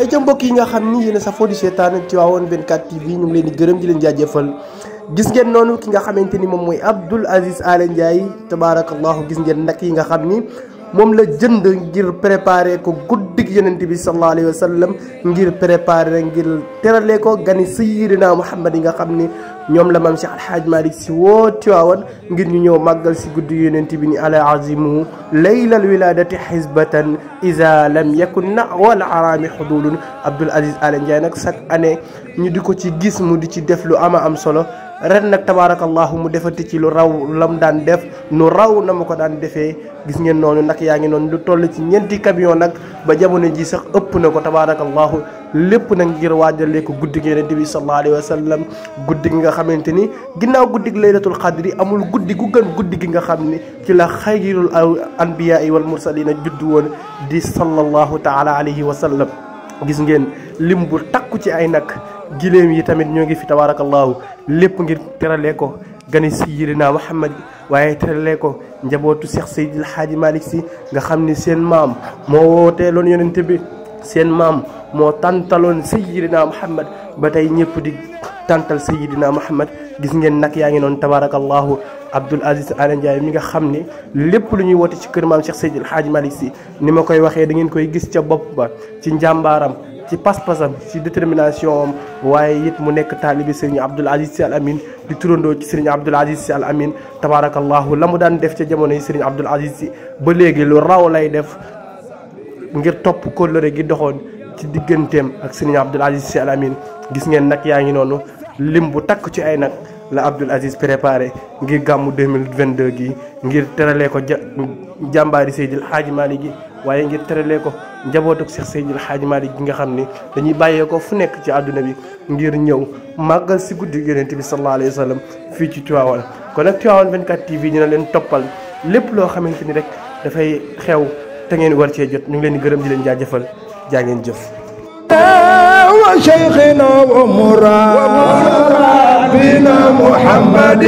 ay ca mbokk yi nga xam ni yéen a safoo di seetaan Tivaouane 24 TV ñu ngi leen di gërëm di leen jaajëfal gis ngeen noonu ki nga xamante ni moom mooy Abdoul Aziz Aly Ndiaye tabaarakallahu gis ngeen nag yi nga xam ni moom la jënd ngir préparer ko guddig yonent bi sallallahu alayhi wa sallam ngir préparer ngir terale ko gani sayyidina Muhammad yi nga xam ni ñoom la maam Cheikh Alhaaj Malick si woo Tiwaawan ngir ñu ñëw màggal si guddi yonent bi ni ala azimu laylal wiladati xisbatan ida lam yakun na wala araami xudulun Abdoul Aziz Al Ndiaye nag chaque année ñu di ko ci gis mu di ci def lu ama am solo ren nag tabaarakallaahu mu defati ci lu raw la mu daan def nu raw na mu ko daan defee gis ngeen noonu nag yaa ngi noonu lu toll ci ñeenti camion nag ba jamono ji sax ëpp na ko tabaarakallaahu lépp nag ngir waajalee ko guddi gi yonent bi sallallahu alayhi wa sallam guddi gi nga xamante ni ginnaaw guddi gi laylatul xadri amul guddi gu gën guddi gi nga xam ne ci la xayrul anbiyaa yi wal mursalina juddu woon di sallallahu taala alayhi wa sallam gis ngeen lim bu takku ci ay nag giléem yi tamit ñoo ngi fi tabaarakallaahu lépp ngir terale ko gani sayyidina Muhammad waaye terale ko njabootu Cheikh Seydi El Hadji Malick Sy nga xam ni seen maam moo wootee loon yonent bi seen maam moo tàntaloon sayyidina Muhammad ba tey ñëpp di tàntal sayyidina Muhammad gis ngeen nag yaa ngi noonu tabaarakallaahu Abdoul Aziz Aly Ndiaye mi nga xam ni lépp lu ñuy woote ci kër maam Cheikh Seydi El Hadji Malick Sy ni ma koy waxee da ngeen koy gis ca bopp ba ci njàmbaaram ci pas-pasam ci détermination am waaye it mu nekk taalibi sëriñ Abdoul Aziz Sy Al Amine di turandoo ci sëriñ Abdoul Aziz Sy Al Amine tabaarakallaahu la mu daan def ca jamono yi sëriñ Abdoul Aziz ba léegi lu raw lay def ngir topp kóllëre gi doxoon ci digganteem ak sëriñ Abdoul Aziz Sy Al Amine gis ngeen nag yaa ngi noonu lim bu takk ci ay nag la Abdoul Aziz préparé ngir gàmmu 2022 gi ngir teralee ko ja jàmbaari Seydil Hadji gi waaye ngir teralee ko njabootuk Cheikh Seydil xaaj Malick gi nga xam ni dañuy bàyyeekoo fu nekk ci àdduna bi ngir ñëw màggal si guddi yonent bi sallallahu alayhi wa fii ci Tivaouane kon nag Tivaouane 24 TV dina leen toppal lépp loo xamante ni rek dafay xew te ngeen cee jot ñu ngi leen di gërëm di leen jaajëfal jaa ngeen jëf وشيخنا ومرابينا محمد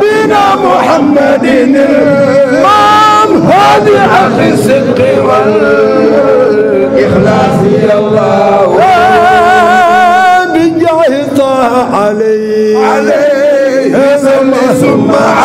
دين محمد المام هادي أخي الصدق والإخلاص يا الله بجاه طه عليه عليه ثم